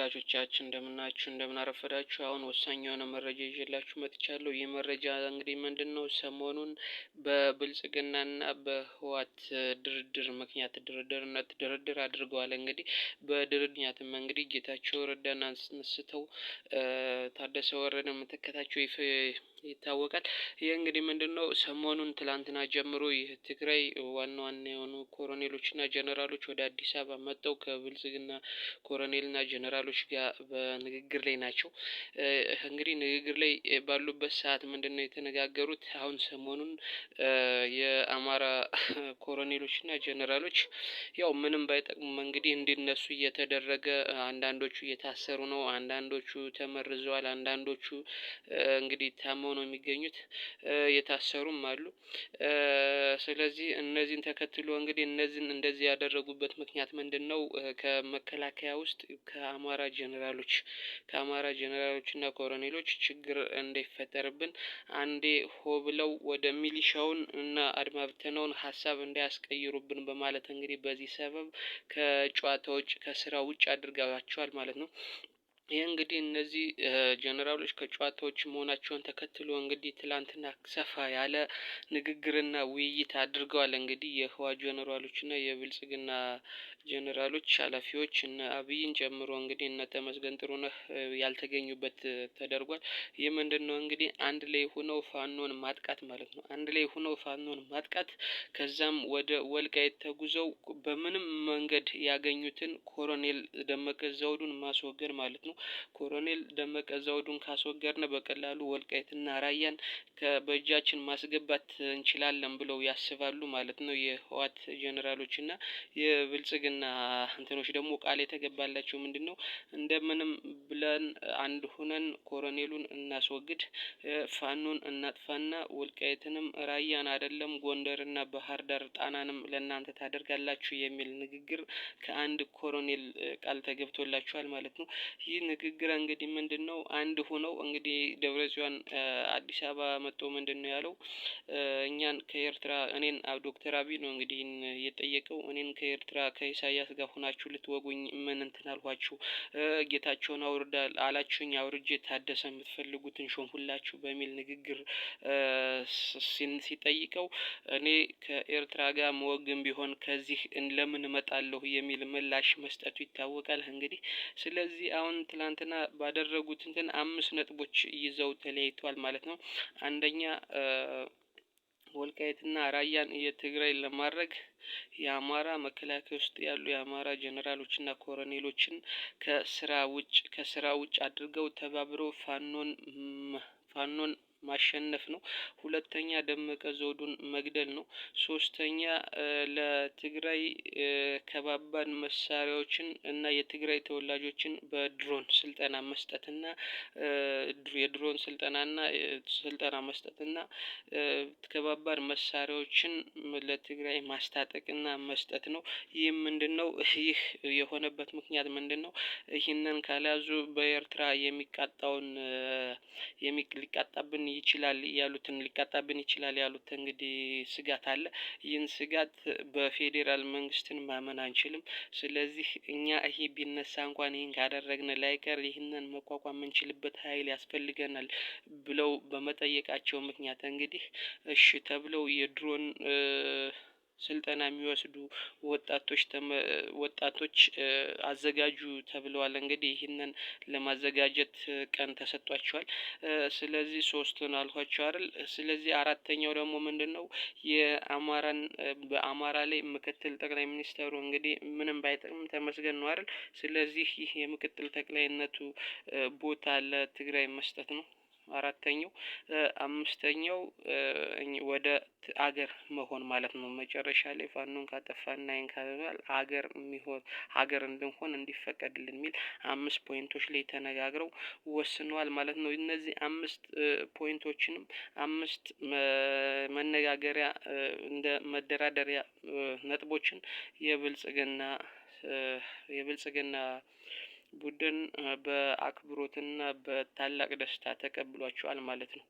ተመልካቾቻችን እንደምናችሁ እንደምናረፈዳችሁ፣ አሁን ወሳኝ የሆነ መረጃ ይዤላችሁ መጥቻለሁ። ይህ መረጃ እንግዲህ ምንድን ነው? ሰሞኑን በብልጽግናና በህዋት ድርድር ምክንያት ድርድርነት ድርድር አድርገዋል። እንግዲህ በድርድኛትም እንግዲህ ጌታቸው ረዳን አንስተው ታደሰ ወረደ የምትከታቸው ይታወቃል። ይህ እንግዲህ ምንድን ነው? ሰሞኑን ትላንትና ጀምሮ ይህ ትግራይ ዋና ዋና የሆኑ ኮሎኔሎችና ጀኔራሎች ወደ አዲስ አበባ መጠው ከብልጽግና ኮሎኔልና ጀኔራሎች ሀገሮች ጋር በንግግር ላይ ናቸው። እንግዲህ ንግግር ላይ ባሉበት ሰዓት ምንድን ነው የተነጋገሩት? አሁን ሰሞኑን የአማራ ኮሎኔሎች እና ጀኔራሎች ያው ምንም ባይጠቅሙም እንግዲህ እንዲነሱ እየተደረገ አንዳንዶቹ እየታሰሩ ነው፣ አንዳንዶቹ ተመርዘዋል፣ አንዳንዶቹ እንግዲህ ታመው ነው የሚገኙት፣ የታሰሩም አሉ። ስለዚህ እነዚህን ተከትሎ እንግዲህ እነዚህን እንደዚህ ያደረጉበት ምክንያት ምንድን ነው? ከመከላከያ ውስጥ ከአማ ከአማራ ጀኔራሎች ከአማራ እና ኮሎኔሎች ችግር እንዳይፈጠርብን አንዴ ሆ ብለው ወደ ሚሊሻውን እና አድማ ብተናውን ሀሳብ እንዳያስቀይሩብን በማለት እንግዲህ በዚህ ሰበብ ከጨዋታ ውጭ ከስራ ውጭ አድርገዋቸዋል ማለት ነው። ይህ እንግዲህ እነዚህ ጀነራሎች ከጨዋታዎች መሆናቸውን ተከትሎ እንግዲህ ትላንትና ሰፋ ያለ ንግግርና ውይይት አድርገዋል። እንግዲህ የህዋ ጀነራሎችና የብልጽግና ጀነራሎች ኃላፊዎች እነ አብይን ጨምሮ እንግዲህ እነ ተመስገን ጥሩነህ ያልተገኙበት ተደርጓል። ይህ ምንድን ነው እንግዲህ አንድ ላይ ሆነው ፋኖን ማጥቃት ማለት ነው። አንድ ላይ ሆነው ፋኖን ማጥቃት ከዛም ወደ ወልቃይት ተጉዘው በምንም መንገድ ያገኙትን ኮሎኔል ደመቀ ዘውዱን ማስወገድ ማለት ነው። ኮሎኔል ደመቀ ዘውዱን ካስወገድን በቀላሉ ወልቃይትና ራያን በእጃችን ማስገባት እንችላለን ብለው ያስባሉ ማለት ነው። የህዋት ጀነራሎች የብልጽግና እንትኖች ደግሞ ቃል የተገባላቸው ነው? እንደምንም ብለን አንድ ሁነን ኮሎኔሉን እናስወግድ፣ ፋኖን እናጥፋና ወልቃይትንም ራያን አይደለም ጎንደርና ባህር ዳር ጣናንም ለእናንተ ታደርጋላችሁ የሚል ንግግር ከአንድ ኮሎኔል ቃል ተገብቶላችኋል ማለት ነው። ይህ ንግግር እንግዲህ ምንድን ነው አንድ ሆነው እንግዲህ ደብረጽዮን አዲስ አበባ መጥቶ ምንድን ነው ያለው? እኛን ከኤርትራ እኔን ዶክተር አብይ ነው እንግዲህ የጠየቀው እኔን ከኤርትራ ከኢሳያስ ጋር ሆናችሁ ልትወጉኝ ምን እንትን አልኋችሁ? ጌታቸውን አውርዳ አላችሁኝ አውርጄ ታደሰ የምትፈልጉትን ሾምሁላችሁ በሚል ንግግር ሲጠይቀው እኔ ከኤርትራ ጋር መወግን ቢሆን ከዚህ ለምን እመጣለሁ የሚል ምላሽ መስጠቱ ይታወቃል። እንግዲህ ስለዚህ አሁን ትላንትና ባደረጉት እንትን አምስት ነጥቦች ይዘው ተለያይተዋል ማለት ነው። አንደኛ ወልቃየትና ራያን የትግራይ ለማድረግ የአማራ መከላከያ ውስጥ ያሉ የአማራ ጀኔራሎችና ኮሎኔሎችን ከስራ ውጭ ከስራ ውጭ አድርገው ተባብረው ፋኖን ፋኖን ማሸነፍ ነው። ሁለተኛ ደመቀ ዘውዱን መግደል ነው። ሶስተኛ ለትግራይ ከባባድ መሳሪያዎችን እና የትግራይ ተወላጆችን በድሮን ስልጠና መስጠት እና የድሮን ስልጠና ስልጠና መስጠት ከባባድ መሳሪያዎችን ለትግራይ ማስታጠቅና መስጠት ነው። ይህ ነው? ይህ የሆነበት ምክንያት ነው ይህንን ካልያዙ በኤርትራ የሚቃጣውን ሊቃጣብን ይችላል ያሉትን ሊቃጣብን ይችላል ያሉት እንግዲህ ስጋት አለ። ይህን ስጋት በፌዴራል መንግስትን ማመን አንችልም። ስለዚህ እኛ ይሄ ቢነሳ እንኳን ይህን ካደረግን ላይቀር ይህንን መቋቋም የምንችልበት ኃይል ያስፈልገናል ብለው በመጠየቃቸው ምክንያት እንግዲህ እሺ ተብለው የድሮን ስልጠና የሚወስዱ ወጣቶች ወጣቶች አዘጋጁ ተብለዋል። እንግዲህ ይህንን ለማዘጋጀት ቀን ተሰጧቸዋል። ስለዚህ ሶስቱን አልኳቸው አይደል? ስለዚህ አራተኛው ደግሞ ምንድን ነው? የአማራን በአማራ ላይ ምክትል ጠቅላይ ሚኒስተሩ እንግዲህ ምንም ባይጠቅም ተመስገን ነው አይደል? ስለዚህ ይህ የምክትል ጠቅላይነቱ ቦታ ለትግራይ መስጠት ነው። አራተኛው አምስተኛው ወደ አገር መሆን ማለት ነው። መጨረሻ ላይ ፋኖን ካጠፋና አይን ካበባል አገር የሚሆን ሀገር እንድንሆን እንዲፈቀድልን የሚል አምስት ፖይንቶች ላይ ተነጋግረው ወስነዋል ማለት ነው። እነዚህ አምስት ፖይንቶችንም አምስት መነጋገሪያ እንደ መደራደሪያ ነጥቦችን የብልጽግና የብልጽግና ቡድን በአክብሮትና በታላቅ ደስታ ተቀብሏቸዋል ማለት ነው።